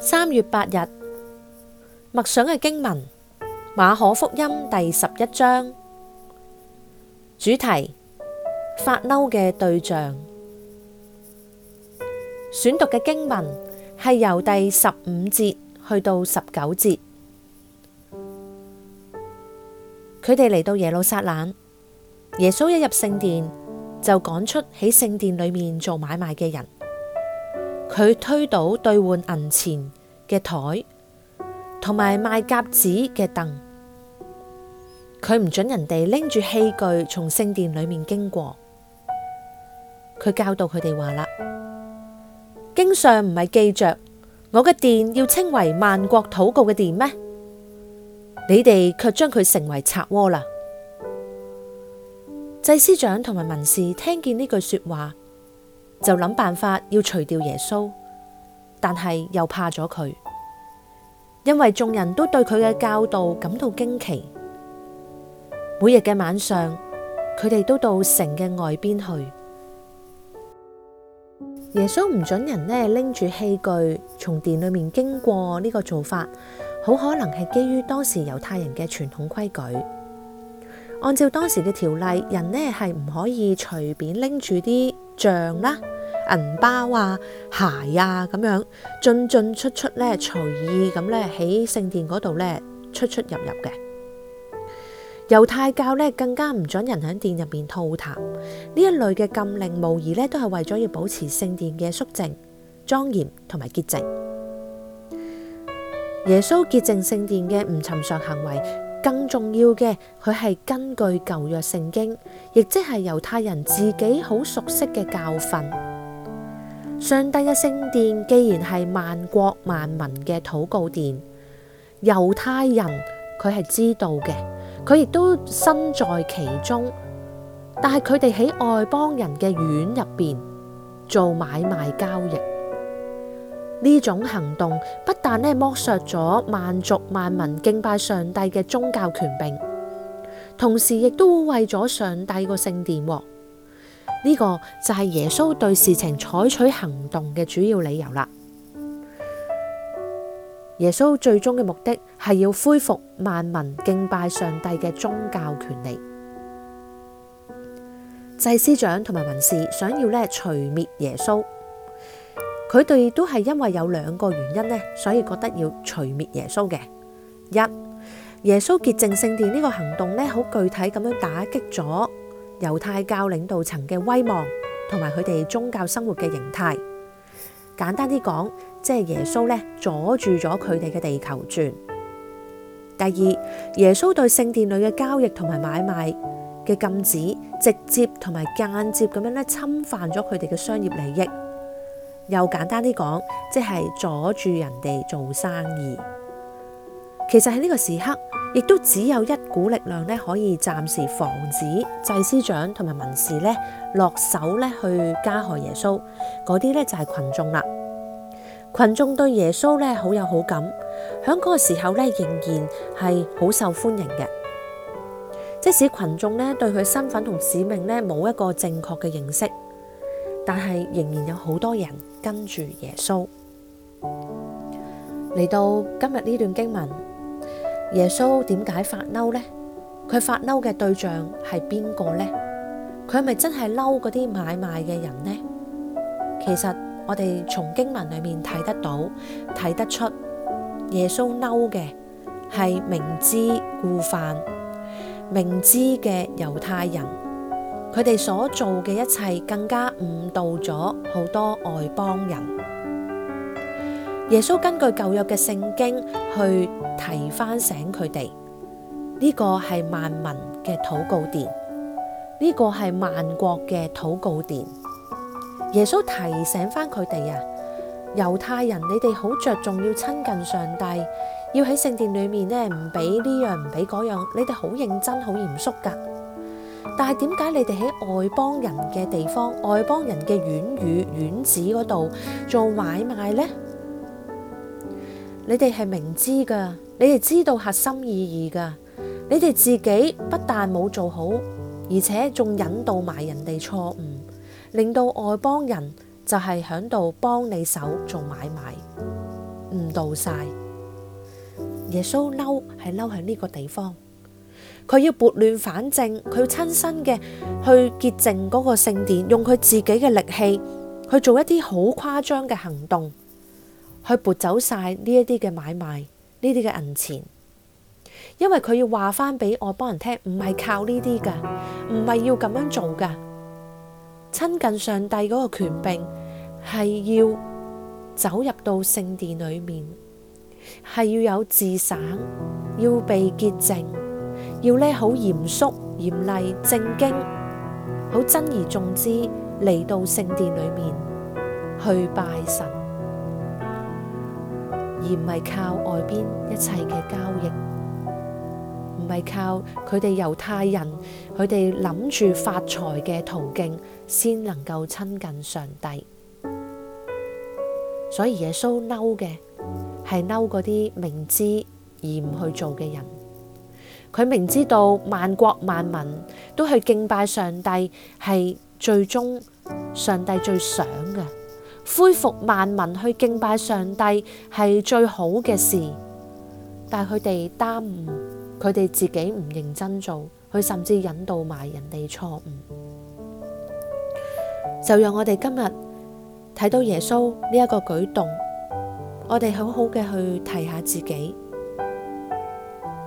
三月八日默想嘅經文：馬可福音第十一章。主題：發嬲嘅對象。選讀嘅經文係由第十五節去到十九節。佢哋嚟到耶路撒冷，耶穌一入聖殿，就趕出喺聖殿裏面做買賣嘅人。佢推倒兌換銀錢嘅台，同埋賣鴿子嘅凳。佢唔准人哋拎住器具從聖殿裏面經過。佢教導佢哋話啦：經上唔係記着我嘅殿要稱為萬國禱告嘅殿咩？你哋卻將佢成為賊窩啦！祭司長同埋文士聽見呢句說話。就諗辦法要除掉耶穌，但係又怕咗佢，因為眾人都對佢嘅教導感到驚奇。每日嘅晚上，佢哋都到城嘅外邊去。耶穌唔准人呢拎住器具從殿裏面經過，呢個做法好可能係基於當時猶太人嘅傳統規矩。按照當時嘅條例，人呢係唔可以隨便拎住啲像啦、銀包啊、鞋啊咁樣進進出出咧，隨意咁咧喺聖殿嗰度咧出出入入嘅。猶太教咧更加唔准人喺殿入面吐痰，呢一類嘅禁令，無疑咧都係為咗要保持聖殿嘅肅靜、莊嚴同埋潔淨。耶穌潔淨聖殿嘅唔尋常行為。更重要嘅，佢係根據舊約聖經，亦即係猶太人自己好熟悉嘅教訓。上帝嘅聖殿既然係萬國萬民嘅禱告殿，猶太人佢係知道嘅，佢亦都身在其中，但係佢哋喺外邦人嘅院入邊做買賣交易。呢種行動不但咧，剝削咗萬族萬民敬拜上帝嘅宗教權柄，同時亦都會為咗上帝個聖殿。呢、這個就係耶穌對事情採取行動嘅主要理由啦。耶穌最終嘅目的係要恢復萬民敬拜上帝嘅宗教權利。祭司長同埋文士想要呢，除滅耶穌。佢哋都係因為有兩個原因呢，所以覺得要除滅耶穌嘅。一，耶穌潔淨聖殿呢個行動呢，好具體咁樣打擊咗猶太教領導層嘅威望，同埋佢哋宗教生活嘅形態。簡單啲講，即係耶穌呢阻住咗佢哋嘅地球轉。第二，耶穌對聖殿裏嘅交易同埋買賣嘅禁止，直接同埋間接咁樣咧，侵犯咗佢哋嘅商業利益。又簡單啲講，即係阻住人哋做生意。其實喺呢個時刻，亦都只有一股力量咧，可以暫時防止祭司長同埋文士咧落手咧去加害耶穌。嗰啲咧就係群眾啦。群眾對耶穌咧好有好感，喺嗰個時候咧仍然係好受歡迎嘅。即使群眾咧對佢身份同使命咧冇一個正確嘅認識。但係仍然有好多人跟住耶穌。嚟到今日呢段經文，耶穌點解發嬲呢？佢發嬲嘅對象係邊個呢？佢係咪真係嬲嗰啲買賣嘅人呢？其實我哋從經文裏面睇得到、睇得出，耶穌嬲嘅係明知故犯、明知嘅猶太人。佢哋所做嘅一切，更加誤導咗好多外邦人。耶穌根據舊約嘅聖經去提翻醒佢哋，呢個係萬民嘅禱告殿，呢個係萬國嘅禱告殿。耶穌提醒翻佢哋啊，猶太人，你哋好着重要親近上帝，要喺聖殿裏面呢唔俾呢樣唔俾嗰樣，你哋好認真好嚴肅噶。但係點解你哋喺外邦人嘅地方、外邦人嘅院宇、院子嗰度做買賣呢？你哋係明知噶，你哋知道核心意義噶，你哋自己不但冇做好，而且仲引導埋人哋錯誤，令到外邦人就係響度幫你手做買賣，誤導晒。耶穌嬲係嬲喺呢個地方。佢要撥亂反正，佢要親身嘅去潔淨嗰個聖殿，用佢自己嘅力氣去做一啲好誇張嘅行動，去撥走晒呢一啲嘅買賣，呢啲嘅銀錢，因為佢要話翻俾外邦人聽，唔係靠呢啲噶，唔係要咁樣做噶，親近上帝嗰個權柄係要走入到聖殿裏面，係要有自省，要被潔淨。要呢好嚴肅、嚴厲、正經，好珍而重之嚟到聖殿裏面去拜神，而唔係靠外邊一切嘅交易，唔係靠佢哋猶太人佢哋諗住發財嘅途徑先能夠親近上帝。所以耶穌嬲嘅，係嬲嗰啲明知而唔去做嘅人。佢明知道萬國萬民都去敬拜上帝，係最終上帝最想嘅，恢復萬民去敬拜上帝係最好嘅事。但係佢哋耽誤，佢哋自己唔認真做，佢甚至引導埋人哋錯誤。就讓我哋今日睇到耶穌呢一個舉動，我哋好好嘅去提下自己。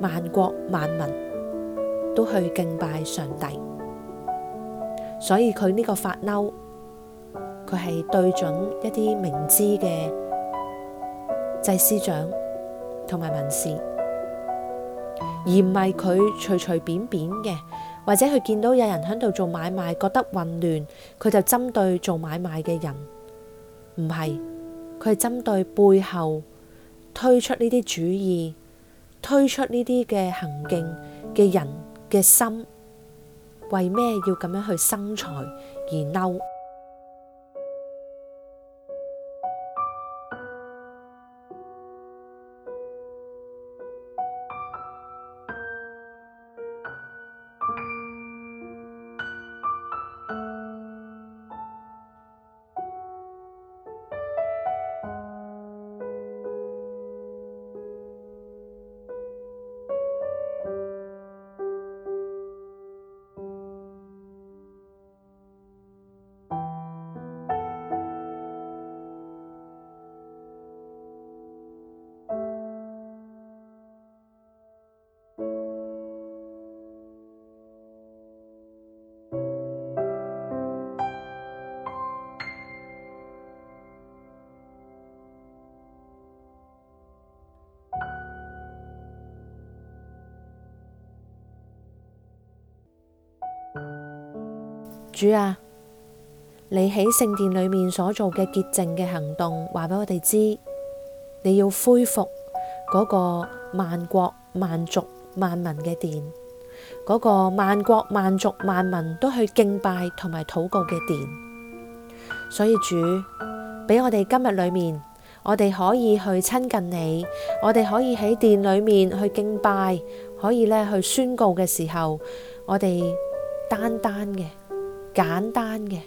萬國萬民都去敬拜上帝，所以佢呢個發嬲，佢係對準一啲明知嘅祭司長同埋文士，而唔係佢隨隨便便嘅，或者佢見到有人喺度做買賣，覺得混亂，佢就針對做買賣嘅人，唔係，佢係針對背後推出呢啲主意。推出呢啲嘅行徑嘅人嘅心，為咩要咁樣去生財而嬲？主啊，你喺聖殿裏面所做嘅潔淨嘅行動，話俾我哋知，你要恢復嗰個萬國萬族萬民嘅殿，嗰個萬國萬族萬民都去敬拜同埋禱告嘅殿。所以主俾我哋今日裏面，我哋可以去親近你，我哋可以喺殿裏面去敬拜，可以咧去宣告嘅時候，我哋單單嘅。簡單嘅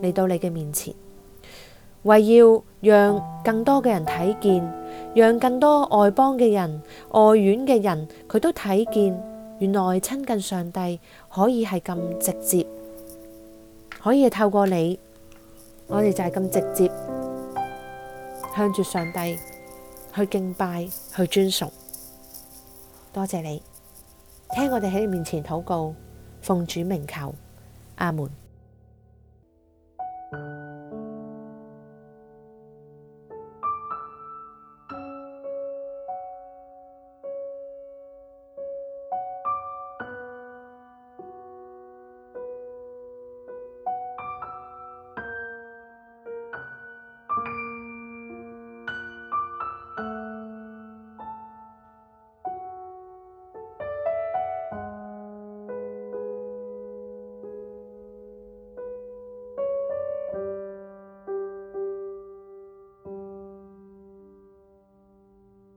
嚟到你嘅面前，為要讓更多嘅人睇見，讓更多外邦嘅人、外院嘅人，佢都睇見原來親近上帝可以係咁直接，可以透過你，我哋就係咁直接向住上帝去敬拜、去尊崇。多謝你聽我哋喺你面前禱告，奉主名求，阿門。